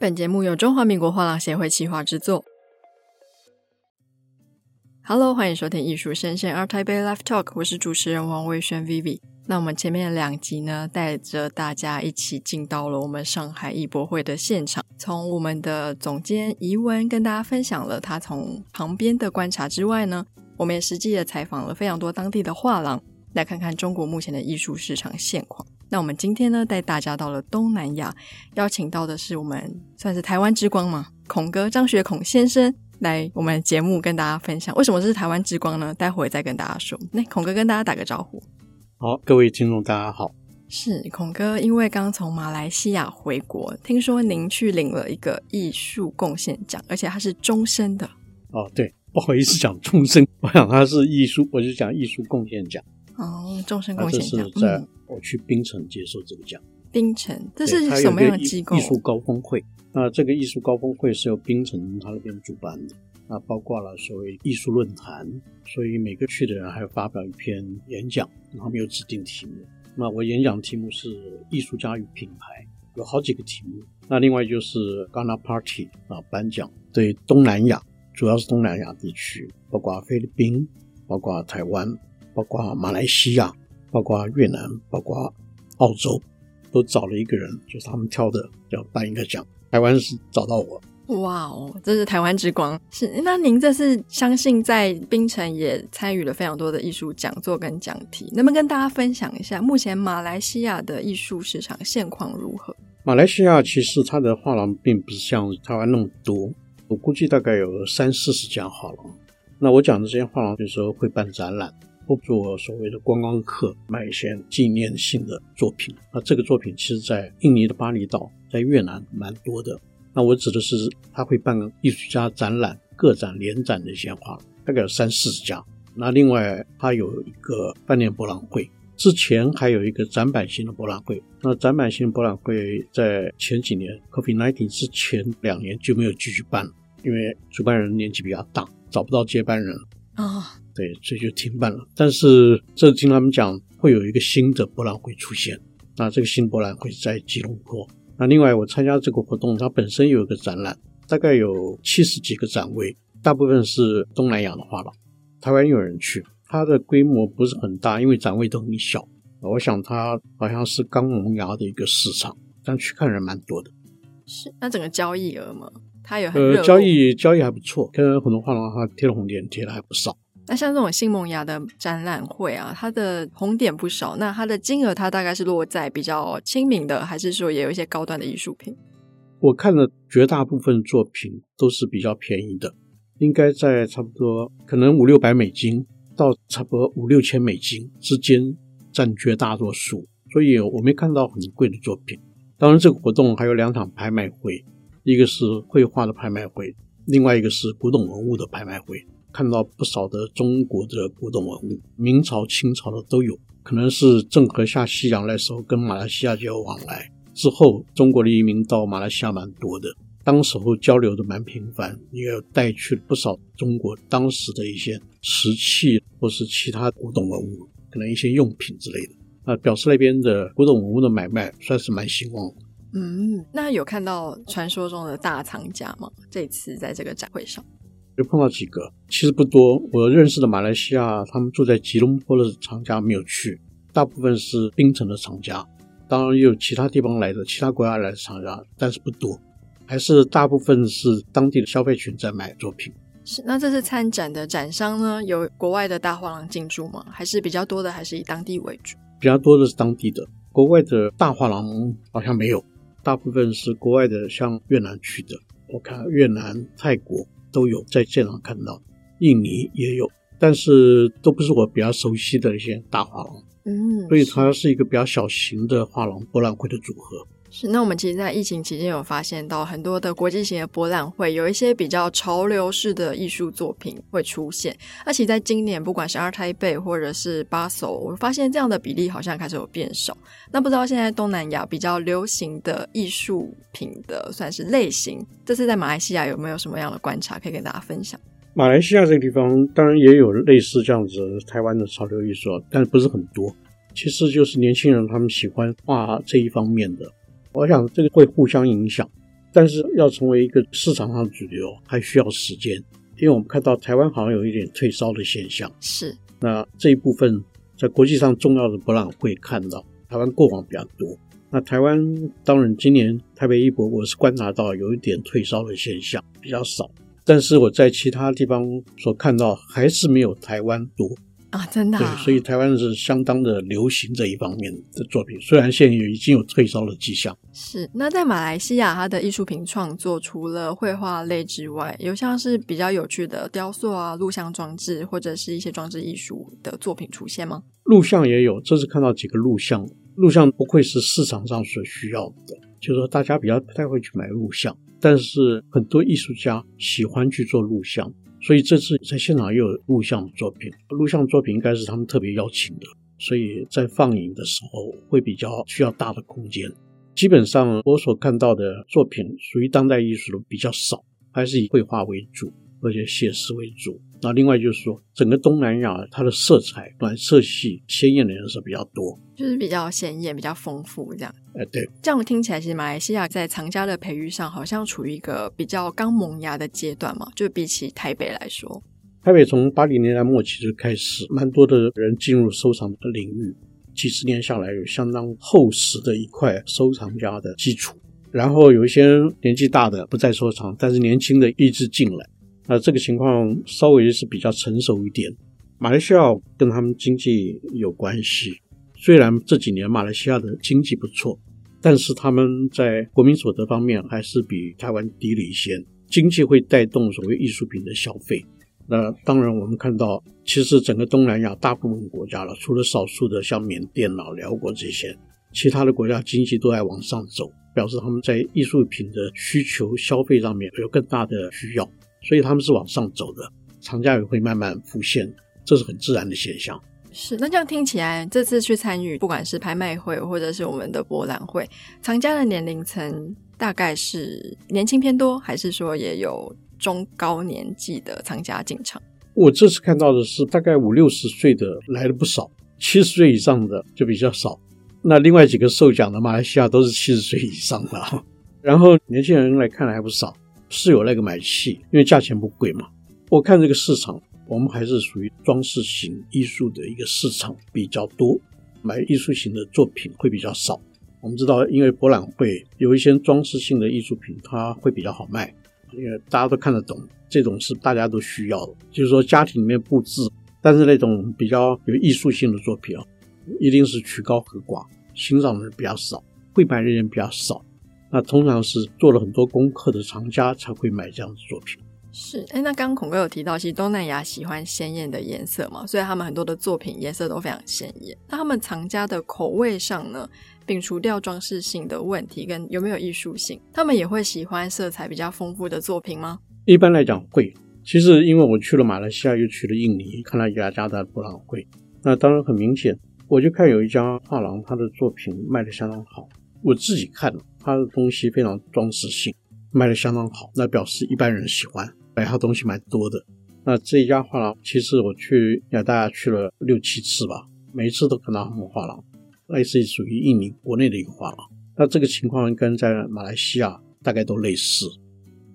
本節目由中華民國畫廊協會企劃製作。Hello，歡迎收聽藝術聲鮮 ART TAIPEI Live Talk，我是主持人王衛軒 Vivi。那我們前面的兩集呢，帶着大家一起進到了我們上海藝博會的現場。從我們的總監怡文跟大家分享了他從旁邊的觀察之外呢，我們也實際的採訪了非常多當地的畫廊，來看看中國目前的藝術市場現況。那我們今天呢，帶大家到了東南亞，邀請到的是我們算是台灣之光嘛，孔哥張學孔先生來我們的節目跟大家分享，為什麼這是台灣之光呢？待會再跟大家說。那孔哥跟大家打個招呼。好，各位聽眾大家好，是孔哥，因為剛從馬來西亞回國，聽說您去領了一個藝術貢獻獎，而且它是終身的。哦，對，不好意思講終身，我想它是藝術，我就講藝術貢獻獎。哦，終身貢獻獎。啊、這是在我去檳城接受這個獎。嗯、檳城，這是什麼樣的機構？藝、藝術高峰會。那這個藝術高峰會是由檳城他那邊主辦的，那包括了所謂藝術論壇，所以每個去的人還要發表一篇演講，然後沒有指定題目。那我演講的題目是藝術家與品牌，有好幾個題目。那另外就是 Ghana party 啊頒獎，對東南亞，主要是東南亞地區，包括菲律賓，包括台灣。包括馬來西亞，包括越南，包括澳洲，都找了一個人，就是他們挑的，要頒一個獎。台灣是找到我，哇哦，這是台灣之光！是那您這次相信在檳城也參與了非常多的藝術講座跟講題，能不能跟大家分享一下目前馬來西亞的藝術市場現況如何？馬來西亞其實它的畫廊並不是像台灣那麼多，我估計大概有三四十家畫廊好了。那我講的這些畫廊，有時候會辦展覽。做所謂的觀光客，買一些紀念性的作品。那這個作品其實，在印尼的巴厘島，在越南蠻多的。那我指的是，他會辦個藝術家展覽、個展、聯展的一些畫，大概有三四十家。那另外，他有一個飯店博覽會，之前還有一個展板型的博覽會。那展板型博覽會在前幾年，COVID nineteen 之前兩年就沒有繼續辦了，因為主辦人年紀比較大，找不到接班人啊。Oh. 對，所以就停辦了。但是這聽他們講，會有一個新的博覽會出現。那這個新博覽會在吉隆坡。那另外，我參加這個活動，它本身有一個展覽，大概有七十幾個展位，大部分是東南亞的畫廊。台灣有人去，它的規模不是很大，因為展位都很小。我想它好像是剛萌芽的一個市場，但去看人蠻多的。是。那整個交易額嗎？它有呃，交易交易還不錯，跟很多畫廊它貼了紅點，貼的還不少。那像這種新萌芽的展覽會啊，它的紅點不少。那它的金額，它大概是落在比較親民的，還是說也有一些高端的藝術品？我看的絕大部分作品都是比較便宜的，應該在差不多可能五六百美金到差不多五六千美金之間占絕大多數，所以我沒看到很貴的作品。當然，這個活動還有兩場拍賣會，一個是繪畫的拍賣會，另外一個是古董文物的拍賣會。看到不少的中國的古董文物，明朝、清朝的都有。可能是鄭和下西洋那時候跟馬來西亞就有往來之後，中國的移民到馬來西亞蠻多的，當時候交流的蠻頻繁，也有帶去不少中國當時的一些瓷器或是其他古董文物，可能一些用品之類的。啊，表示那邊的古董文物的買賣算是蠻興旺的。嗯，那有看到傳說中的大藏家嗎？這次在這個展會上？就碰到幾個，其實不多。我認識的馬來西亞，他們住在吉隆坡的廠家沒有去，大部分是檳城的廠家。當然也有其他地方來的，其他國家來的廠家，但是不多，還是大部分是當地的消費群在買作品。是，那這次參展的展商呢，有國外的大畫廊進駐嗎？還是比較多的，還是以當地為主？比較多的是當地的，國外的大畫廊好像沒有，大部分是國外的，像越南去的，我看越南、泰國。都有在現場看到，印尼也有，但是都不是我比較熟悉的一些大畫廊，嗯，所以它是一個比較小型的畫廊博覽會的組合。是，那我們其實，在疫情期間有發現到很多的國際型的博覽會，有一些比較潮流式的藝術作品會出現。而且在今年，不管是 ART TAIPEI 或者是巴塞，我發現這樣的比例好像開始有變少。那不知道現在東南亞比較流行的藝術品的算是類型，這次在馬來西亞有沒有什麼樣的觀察可以跟大家分享？馬來西亞這個地方當然也有類似這樣子台灣的潮流藝術，但是不是很多。其實就是年輕人他們喜歡畫這一方面的。我想這個會互相影響，但是要成為一個市場上主流，還需要時間。因為我們看到台灣好像有一點退燒的現象，是那這一部分在國際上重要的博覽會看到台灣過往比較多。那台灣當然今年台北藝博，我是觀察到有一點退燒的現象比較少，但是我在其他地方所看到還是沒有台灣多。啊，真的啊。對，所以台灣是相當的流行這一方面的作品，雖然現在已經有退燒的跡象。是，那在馬來西亞，它的藝術品創作除了繪畫類之外，有像是比較有趣的雕塑啊、錄像裝置或者是一些裝置藝術的作品出現嗎？錄像也有，這次看到幾個錄像。錄像不愧是市場上所需要的，就是說大家比較不太會去買錄像，但是很多藝術家喜歡去做錄像。所以這次在現場也有錄像作品，錄像作品應該是他們特別邀請的，所以在放映的時候會比較需要大的空間。基本上我所看到的作品屬於當代藝術的比較少，還是以繪畫為主，而且寫實為主。那另外就是說，整個東南亞它的色彩，暖色系鮮豔的顏色比較多，就是比較鮮豔、比較豐富這樣。哎，對，這樣聽起來，其實馬來西亞在藏家的培育上，好像處於一個比較剛萌芽的階段嘛。就比起台北來說，台北從八零年代末其實開始，蠻多的人進入收藏的領域，幾十年下來有相當厚實的一塊收藏家的基礎。然後有一些年紀大的不再收藏，但是年輕的一直進來。那這個情況稍微是比較成熟一點。馬來西亞跟他們經濟有關係，雖然這幾年馬來西亞的經濟不錯，但是他們在國民所得方面還是比台灣低了一些。經濟會帶動所謂藝術品的消費。那當然，我們看到其實整個東南亞大部分國家了，除了少數的像緬甸、老、寮國這些，其他的國家經濟都在往上走，表示他們在藝術品的需求消費上面有更大的需要。所以他們是往上走的，藏家也會慢慢浮現，這是很自然的現象。是，那這樣聽起來，這次去參與，不管是拍賣會或者是我們的博覽會，藏家的年齡層大概是年輕偏多，還是說也有中高年紀的藏家進場？我這次看到的是大概五六十歲的來了不少，七十歲以上的就比較少。那另外幾個受獎的馬來西亞都是七十歲以上的，然後年輕人來看的還不少。是有那個買氣，因為價錢不貴嘛。我看這個市場，我們還是屬於裝飾型藝術的一個市場比較多，買藝術型的作品會比較少。我們知道，因為博覽會有一些裝飾性的藝術品，它會比較好賣，因為大家都看得懂，這種是大家都需要的，就是說家庭裡面布置。但是那種比較有藝術性的作品啊，一定是曲高和寡，欣賞的人比較少，會買的人比較少。那通常是做了很多功課的藏家才會買這樣子作品。是，哎、欸，那剛剛孔哥有提到，其實東南亞喜歡鮮艷的顏色嘛，所以他們很多的作品顏色都非常鮮艷。那他們藏家的口味上呢，摒除掉裝飾性的問題跟有沒有藝術性，他們也會喜歡色彩比較豐富的作品嗎？一般來講會。其實因為我去了馬來西亞，又去了印尼，看了雅加達博覽會，那當然很明顯，我就看有一家畫廊，他的作品賣得相當好。我自己看，他的東西非常裝飾性，賣得相當好，那表示一般人喜歡買他東西，蠻多的。那這一家畫廊，其實我去也大家去了六七次吧，每一次都看到他們畫廊，類似於屬於印尼國內的一個畫廊。那這個情況跟在馬來西亞大概都類似，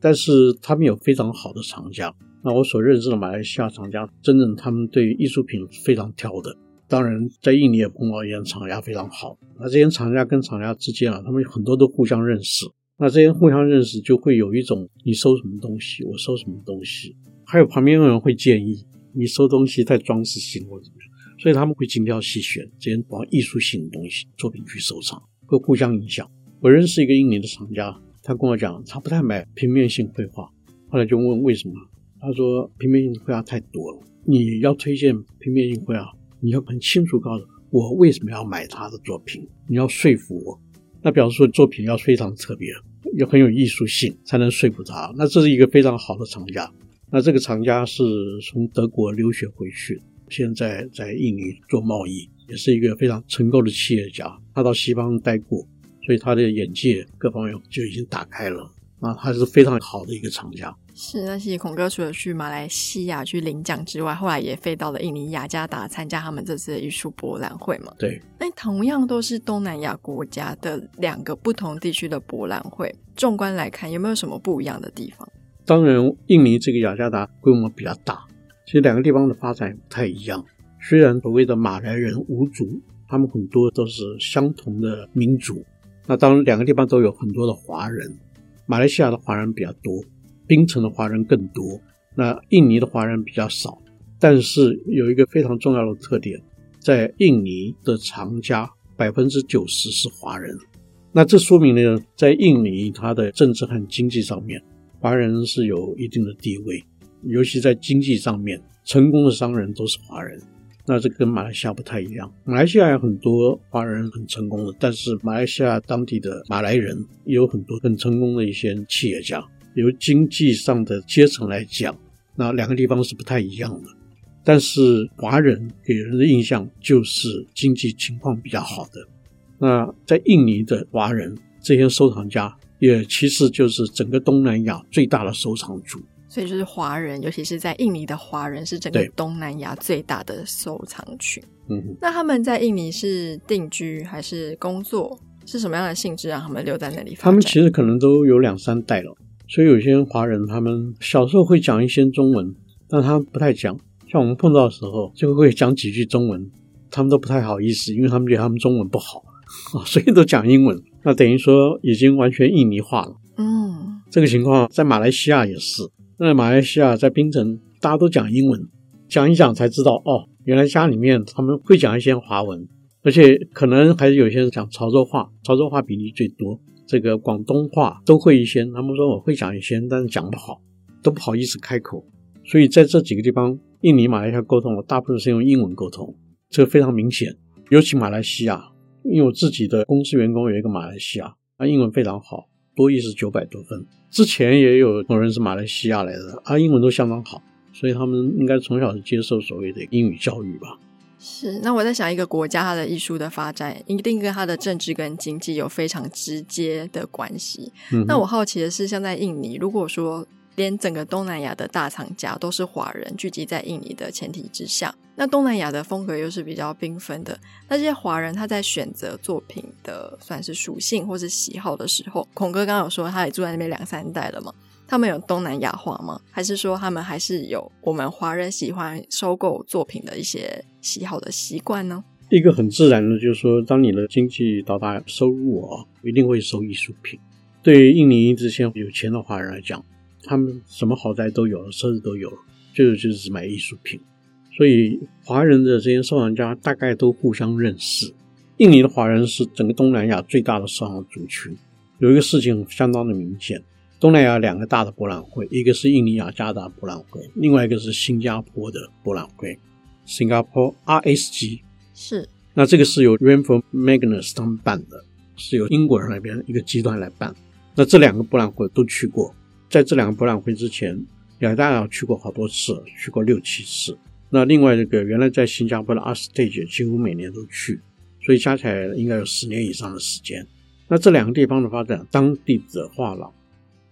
但是他們有非常好的藏家。那我所認識的馬來西亞藏家，真正他們對藝術品非常挑的。當然，在印尼也碰到一些藏家非常好，那這些藏家跟藏家之間啊，他們很多都互相認識。那這些互相認識就會有一種你收什麼東西，我收什麼東西，還有旁邊的人會建議你收東西帶裝飾性或怎麼樣，所以他們會精挑細選這些主要藝術性的東西作品去收藏，會互相影響。我認識一個印尼的藏家，他跟我講，他不太買平面性繪畫。後來就問為什麼，他說平面性繪畫太多了，你要推薦平面性繪畫。你要很清楚告訴我為什麼要買他的作品，你要說服我。那表示說作品要非常特別，要很有藝術性，才能說服他。那這是一個非常好的藏家。那這個藏家是從德國留學回去，現在在印尼做貿易，也是一個非常成功的企業家。他到西方待過，所以他的眼界各方面就已經打開了。啊，他是非常好的一個廠家。是，那所以孔哥除了去馬來西亞去領獎之外，後來也飛到了印尼雅加達參加他們這次的藝術博覽會嘛？對。那同樣都是東南亞國家的兩個不同地區的博覽會，縱觀來看，有沒有什麼不一樣的地方？當然，印尼這個雅加達規模比較大，其實兩個地方的發展也不太一樣。雖然所謂的馬來人無族，他們很多都是相同的民族。那當然，兩個地方都有很多的華人。馬來西亞的華人比較多，檳城的華人更多。那印尼的華人比較少，但是有一個非常重要的特點，在印尼的藏家百分之九十是華人。那這說明呢，在印尼它的政治和經濟上面，華人是有一定的地位，尤其在經濟上面，成功的商人都是華人。那這跟馬來西亞不太一樣。馬來西亞有很多華人很成功的，但是馬來西亞當地的馬來人也有很多很成功的一些企業家。由經濟上的階層來講，那兩個地方是不太一樣的。但是華人給人的印象就是經濟情況比較好的。那在印尼的華人，這些收藏家，也其實就是整個東南亞最大的收藏族。所以就是華人，尤其是在印尼的華人是整個東南亞最大的收藏群。嗯，那他們在印尼是定居還是工作？是什麼樣的性質讓他們留在那裡發展？他們其實可能都有兩三代了。所以有些華人他們小時候會講一些中文，但他們不太講。像我們碰到的時候，就會講幾句中文，他們都不太好意思，因為他們覺得他們中文不好， 所以都講英文。那等於說已經完全印尼化了。嗯，這個情況在馬來西亞也是。在馬來西亞，在檳城，大家都講英文，講一講才知道哦，原來家裡面他們會講一些華文，而且可能還是有些人講潮州話，潮州話比例最多。這個廣東話都會一些，他們說我會講一些，但是講不好，都不好意思開口。所以在這幾個地方，印尼、馬來西亞溝通，我大部分是用英文溝通，這個非常明顯。尤其馬來西亞，因為我自己的公司員工有一個馬來西亞，他英文非常好。多益是九百多分，之前也有某人是馬來西亞來的，啊，英文都相當好，所以他們應該從小是接受所謂的英語教育吧？是。那我在想，一個國家它的藝術的發展一定跟它的政治跟經濟有非常直接的關係。嗯。那我好奇的是，像在印尼，如果說。連整個東南亞的大藏家，都是華人聚集在印尼的前提之下，那東南亞的風格又是比較繽紛的。那這些華人他在選擇作品的算是屬性或是喜好的時候，孔哥剛剛有說他也住在那邊兩三代了嘛？他們有東南亞化嗎？還是說他們還是有我們華人喜歡收購作品的一些喜好的習慣呢？一個很自然的就是說，當你的經濟到達收入哦，一定會收藝術品。對於印尼這些有錢的華人來講。他們什麼豪宅都有，車子都有，就是、就是買藝術品。所以華人的這些收藏家大概都互相認識。印尼的華人是整個東南亞最大的收藏族群。有一個事情相當的明顯：東南亞兩個大的博覽會，一個是印尼雅加達博覽會，另外一個是新加坡的博覽會。新加坡 ART SG。是。那這個是由 Renfrew Magnus 他們辦的，是由英國人那邊一個集團來辦。那這兩個博覽會都去過。在這兩個博覽會之前，雅加達去過好多次，去過六七次。那另外這個原來在新加坡的 Art Stage 也幾乎每年都去，所以加起來應該有十年以上的時間。那這兩個地方的發展，當地的畫廊，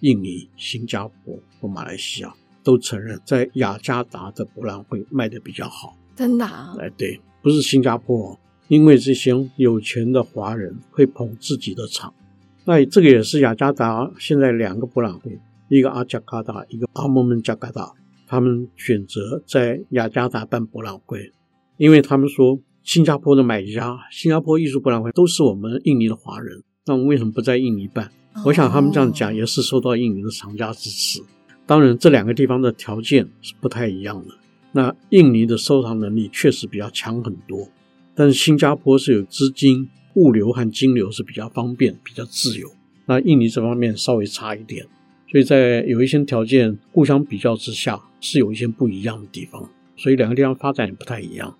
印尼、新加坡和馬來西亞都承認，在雅加達的博覽會賣得比較好。真的啊？哎，對，不是新加坡，因為這些有錢的華人會捧自己的場。那這個也是雅加達現在兩個博覽會。一個阿賈卡達，一個阿莫門賈卡達，他們選擇在雅加達辦博覽會，因為他們說新加坡的買家，新加坡藝術博覽會都是我們印尼的華人，那我們為什麼不在印尼辦？我想他們這樣講也是受到印尼的藏家支持。當然，這兩個地方的條件是不太一樣的。那印尼的收藏能力確實比較強很多，但是新加坡是有資金、物流和金流是比較方便、比較自由，那印尼這方面稍微差一點。所以在有一些條件互相比較之下，是有一些不一樣的地方，所以兩個地方發展也不太一樣。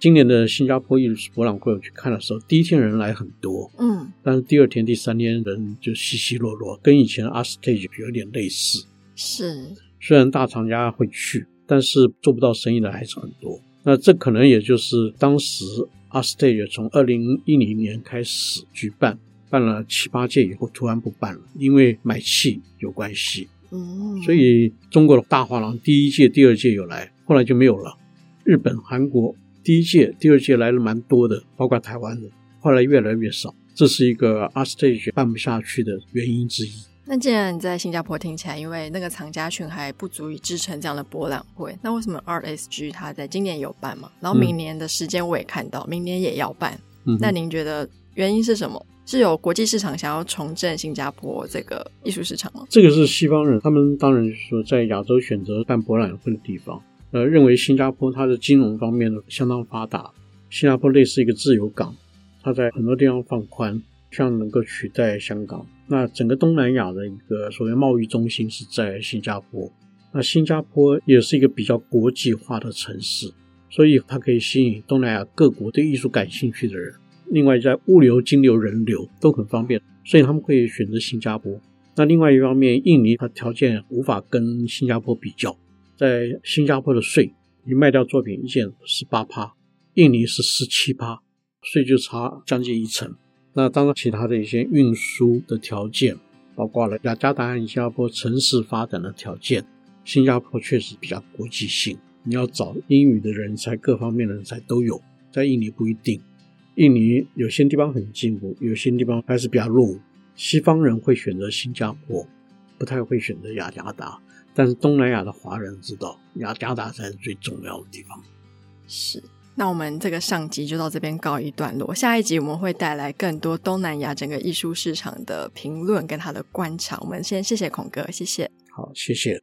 今年的新加坡藝術博覽會，我去看的時候，第一天人來很多，嗯，但是第二天、第三天人就稀稀落落，跟以前的 Art Stage 有點類似。是，雖然大藏家會去，但是做不到生意的還是很多。那這可能也就是當時 Art Stage 從二零一零年開始舉辦。辦了七八屆以後，突然不辦了，因為買氣有關係。嗯，所以中國的大畫廊第一屆、第二屆有來，後來就沒有了。日本、韓國第一屆、第二屆來了蠻多的，包括台灣的，後來越來越少。這是一個 Art Stage 辦不下去的原因之一。那既然在新加坡聽起來，因為那個藏家群還不足以支撐這樣的博覽會，那為什麼 ART SG 它在今年有辦嘛？然後明年的時間我也看到，明年也要辦。嗯，那您覺得原因是什麼？是有國際市場想要重振新加坡這個藝術市場嗎？這個是西方人，他們當然就是說在亞洲選擇辦博覽會的地方。呃，認為新加坡它的金融方面呢相當發達，新加坡類似一個自由港，它在很多地方放寬，這樣能夠取代香港。那整個東南亞的一個所謂貿易中心是在新加坡，那新加坡也是一個比較國際化的城市，所以它可以吸引東南亞各國對藝術感興趣的人。另外，在物流、金流、人流都很方便，所以他們會選擇新加坡。那另外一方面，印尼它條件無法跟新加坡比較。在新加坡的稅，你賣掉作品一件十八趴，印尼是十七趴，稅就差將近一成。那當然，其他的一些運輸的條件，包括了雅加達和新加坡城市發展的條件，新加坡確實比較國際性。你要找英語的人才，各方面的人才都有，在印尼不一定。印尼有些地方很進步，有些地方還是比較落伍。西方人會選擇新加坡，不太會選擇雅加達。但是東南亞的華人知道，雅加達才是最重要的地方。是，那我們這個上集就到這邊告一段落。下一集我們會帶來更多東南亞整個藝術市場的評論跟他的觀察。我們先謝謝孔哥，謝謝。好，謝謝。